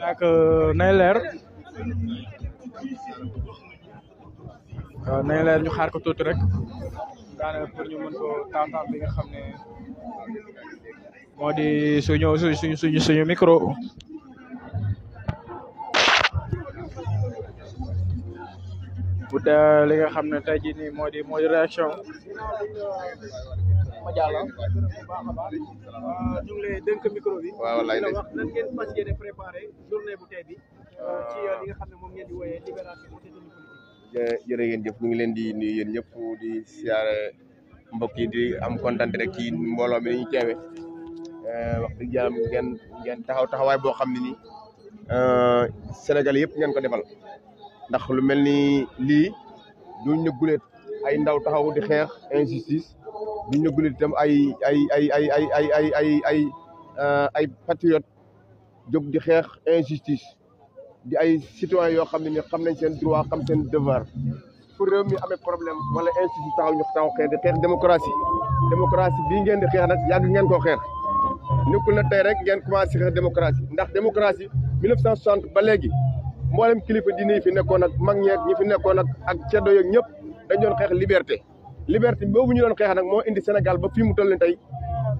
nak euh, nay leer waaw euh, nay ñu xaar ko tuuti rek daanaka pour ñu mën ko taataan nga xam ne moo di suñu suñu suñ suñu micro. bu dee li nga xam ne tey jii nii moo di réaction. wa jàll baax a baax ah, ñu ngi lay waaw lay la wax nan ngeen fas préparé journée bu tey bi euh, ci euh, li nga xam ne moom ngeen di wooyee ngi leen di nuyu yéen ñëpp di siyaare mbokk yi di am kontaan rek ci mbooloo mi ñu teewee euh, wax dëgg yàlla ngeen ngeen taxaw taxawaay boo xam ne nii Sénégal yëpp ngeen ko defal ndax lu mel ni lii duñ ne ay ndaw taxaw di xeex injustice ñu ñëgul itam ay ay ay ay ay ay ay ay ay ay patriote jóg di xeex injustice di ay citoyen yoo xam ne ni xam nañ seen droit xam seen devoir pour réew mi amee problème wala injustice taxaw ñu taxaw xeex di xeex démocratie démocratie bii ngeen di xeex nag yàgg ngeen koo xeex nekkul na tey rek ngeen commencé xeex démocratie ndax démocratie 1960 ba léegi mboolem kilifa diine yi fi nekkoon ak mag ñeeg ñi fi nekkoon ak ak ceddo yeeg ñëpp dañ doon xeex liberté liberté boobu ñu doon xeex nag moo indi Sénégal ba fii mu toll nii tey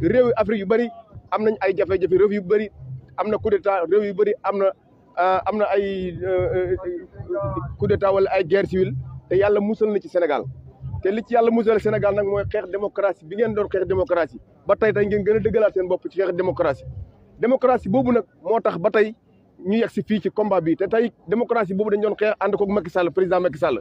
réew yu Afrique yu bëri am nañ ay jafe-jafe yu bëri am na coup d'état réew yu bëri am na ah, am na ay euh, euh, coup d'état wala ay guerre civile te yàlla musal na ci Sénégal te li ci yàlla musal Sénégal nag mooy xeex démocratie bi ngeen doon xeex démocratie ba tey tey ngeen gën a dëggalaat seen bopp ci xeex démocratie démocratie boobu nag moo tax ba tey ñu yegg si fii ci combat bii te tey démocratie boobu dañ doon xeex ànd ko Macky Sall président Macky Sall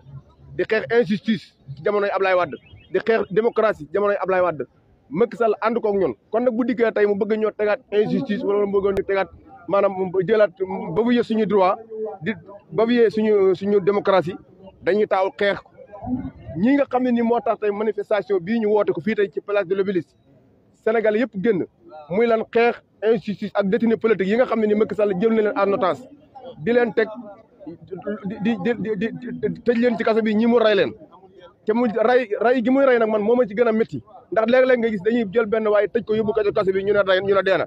di xeex injustice ci jamonoy Ablaye Wade di xeex démocratie jamonoy Ablaye Wade Macky Sall ànd koog ñun kon nag bu dikkee tey mu bëgg ñoo tegaat injustice wala mu bëggoon ñu tegaat maanaam jëlaat ba bu yee suñu droit di ba bu yee suñu suñu démocratie dañuy taaw xeex ñii nga xam ne ni moo tax tey manifestation bii ñu woote ko fii tey ci place de l'Obélisque Sénégal yëpp génn muy lan xeex injustice ak détenu politique yi nga xam ne ni Macky Sall jël na leen en otage di leen teg di di di tëj leen ci kaso bi ñi mu rey leen te mu ray ray gi muy rey nag man moo ma ci gën a métti ndax léeg-léeg nga gis dañuy jël benn waaye tëj ko yóbbu ko kaso bi ñu ne rey ñu ne dee na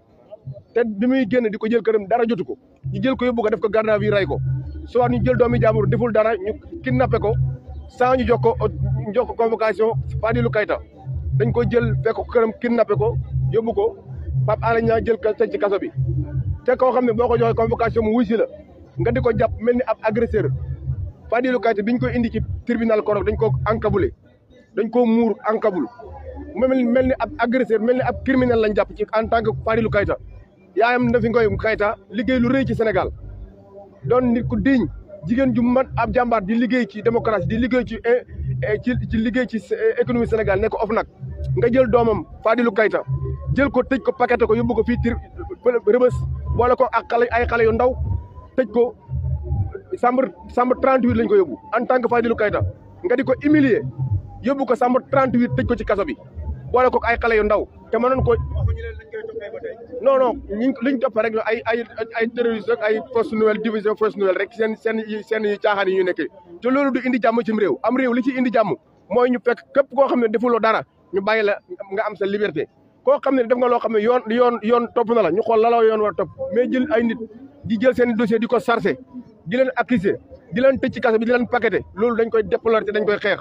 te bi muy génn di ko jël këram dara jotu ko ñu jël ko yóbbu ko def ko garde à vue ray ko soit ñu jël doomi jaambur deful dara ñu kidnappé ko sans ñu jox ko jox ko convocation Fadilou Keita dañ ko jël fekk ko këram kidnappé ko yóbbu ko Pape Alé Niang jël ko tëj ci kaso bi te koo xam ne boo ko joxee convocation mu wuy si nga di ko jàpp mel ni ab agresseur Fadilou Keita biñ ko indi ci tribunal Korog dañ ko encabulé dañ koo muur encabul mel mel ni ab agresseur mel ni ab criminel lañ jàpp ci en tant que Fadilou Keita yaayam na fi ngoy Keita liggéey lu rëy ci senegal doon nit ku diñ jigéen ju mat ab jàmbaar di liggéey ci démocratie di liggéey ci eh, eh, ci ci liggéey ci eh, économie Sénégal nekk OFNAC nga jël doomam Fadilou Keita jël ko tëj ko paqueté ko yóbbu ko fii tir rëbës boole ko ak xale ay xale yu ndaw tëj ko chambre chambre 38 lañ ko yóbbu en tant que Fadilou Keita nga di ko humilier yóbbu ko chambre 38 tëj ko ci kaso bi boole ko ay xale yu ndaw te mënoon ko non non ñu liñ topp rek ay ay ay terroriste rek ay force nouvelle division force nouvelle rek seen seen seen yu caaxaan yi ñu nekk te loolu du indi jàmm ci réew am réew li ci indi jàmm mooy ñu fekk képp koo xam ne defuloo dara ñu bàyyi la nga am sa liberté koo xam ne def nga loo xam ne yoon yoon yoon topp na la ñu xool la la yoon war topp mais jël ay nit di jël seen dossier di ko chargé di leen accuser di leen tëj ci kase bi di leen paqueté loolu dañ koy déplorer te dañ koy xeex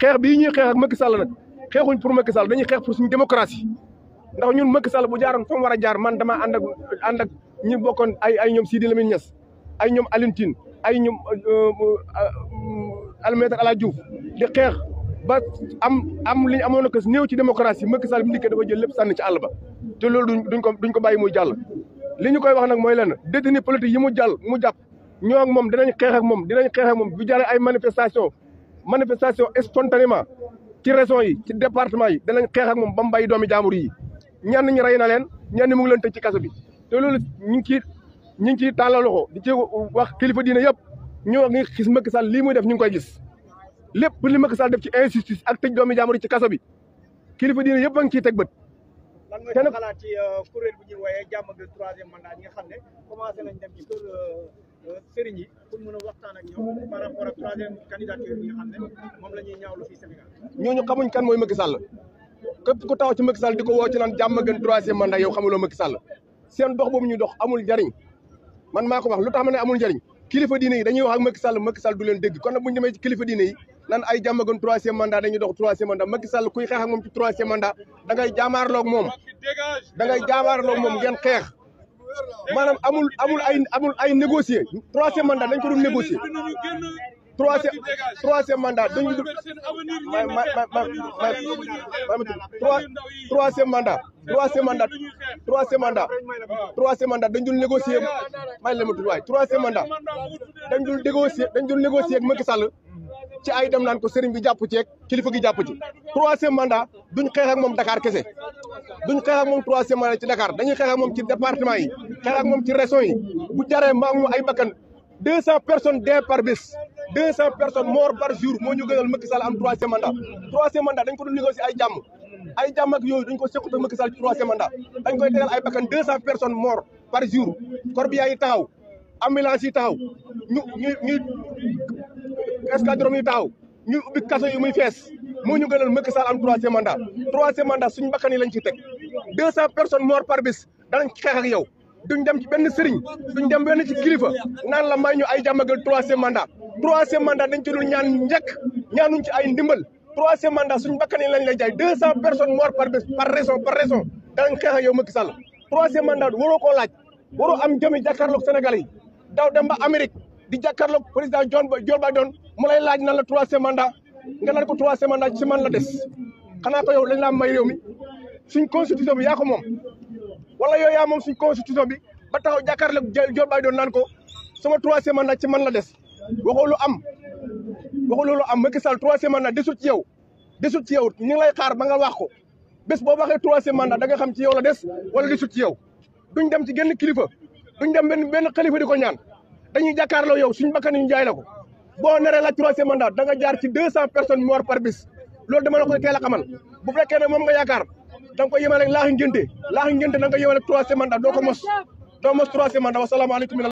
xeex bii ñuy xeex ak Macky nag xeexuñ pour Macky Sall dañuy xeex pour suñu démocratie ndax ñun Macky bu jaaroon fa war a jaar man damaa ànd ak ànd ak ñi bokkoon ay ay ñoom Sidi Lamine Niass ay ñoom Alioune ay ñoom euh, euh, Almeta Ala Diouf di xeex ba am am li ñu amoon na ko néew ci démocratie Macky Sall bi ndikkee dafa jël lépp sànni ci àll ba te loolu duñ ko duñ ko bàyyi muy jàll li ñu koy wax nag mooy lenn détenu politique yi mu jàll mu jàpp ñoo moom dinañ xeex ak moom dinañ xeex ak moom bu jëlee ay manifestation manifestation spontanément ci régions yi ci département yi danañ xeex ak moom ba mu bàyyi doomi jaamur yi ñenn ñi rey na leen ñenn mu ngi leen ci kaso bi te loolu ñu ngi ciy ñu ngi ciy tàllal di ci wax kilifa diine yëpp ñoo ak ngi gis Macky lii muy def ñu ngi koy gis lépp li Macky Sall def ci injustice ak tëj doomi jaamur yi ci kaso bi kilifa diine yëpp a ngi ciy teg bët. lan mooy xalaat ci euh, bu ñuy woowee jàmm ak troisième mandat ñi xam ne sëriñ yi pour mën a waxtaan ak ñoom par rapport ak troisième candidature bi xam ñooñu xamuñ kan mooy Macky Sall képp ku taw ci Macky Sall di ko woo ci naan jàmm gën troisième mandat yow xamuloo Macky Sall seen dox boobu ñu dox amul njariñ man maa ko wax lu tax ma ne amul njariñ kilifa diine yi dañuy wax ak Macky Sall Macky Sall du leen dégg kon nag bu ñu demee ci kilifa diine yi nan ay jàmm gën troisième mandat dañuy dox troisième mandat Macky Sall kuy xeex ak moom ci troisième mandat da ngay moom da ngay jaamaarloog moom ngeen xeex maanaam amul amul ay amul ay négocier troisième mandat dañ ko doon négocier troisième troisième mandat dañ ko doon ma ma ma ma ma troisième mandat troisième mandat troisième mandat troisième mandat dañ doon négocier may la ma tudd waay troisième mandat dañ doon négocier dañ doon négocier ak Macky Sall ci ay dem naan ko seriñ bi jàpp ceeg kilifa gi jàpp ci troisième mandat duñ xeex ak moom Dakar kese duñ xeex ak moom troisième mandat ci Dakar dañuy xeex ak moom ci département yi xeex ak moom ci région yi bu jaree maa ay bakkan deux cent personnes dee par bés deux cent personnes mort par jour moo ñu gënal Macky Sall am troisième mandat troisième mandat dañ ko doon négocier ay jàmm ay jàmm ak yooyu dañ ko sequt ak Macky Sall ci troisième mandat dañ koy tegal ay bakkan deux cent personnes mort par jour corbillard yi taxaw ambulance yi taxaw ñu ñu ñuy escadron yi taxaw ñu ubbi yi muy ñu gënal Macky Sall bakkan yi lañ ci teg deux cent personnes mort par bis danañ ci xeex ak yow dem ci benn sëriñ duñ dem benn ci kilifa naan la may ñu ay jàmmagal troisième mandat troisième manda dañ ci dul ñaan njëkk ñaanuñ ci ay ndimbal troisième mandat suñ bakkan yi lañ lay jaay deux cent personnes mort par bis par raison par raison danañ xeex ak yow Macky Sall troisième mandat waroo koo laaj waroo am jëmi jàkkaarloog Sénégalais yi daw dem ba Amérique di jàkkaarloog président John John Biden mu lay laaj nan la troisième mandat nga naan ko troisième mandat ci man la des xanaa ko yow lañ laa may réew mi suñ constitution bi yaa ko moom wala yow yaa moom suñ constitution bi ba taxaw jàkkaarloog Dior Baye doon naan ko sama troisième mandat ci man la des waxoo lu am waxoo loolu am Macky Sall troisième mandat desut ci yow desut ci yow ñu ngi lay xaar ba nga wax ko bés boo waxee troisième mandat da nga xam ci yow la des wala desut ci yow duñ dem ci genn kilifa duñ dem benn benn xalifa di ko ñaan dañuy jàkkaarloo yow suñ bakkan ñu jaay la ko boo naree la troisième mandat da nga jaar ci deux cent personnes a xamal da nga ko yemale ak laax ngénte laax ngénte da nga ko yemale ak troisième mandat doo ko mos doo mos troisième mandat wasalaamaaleykum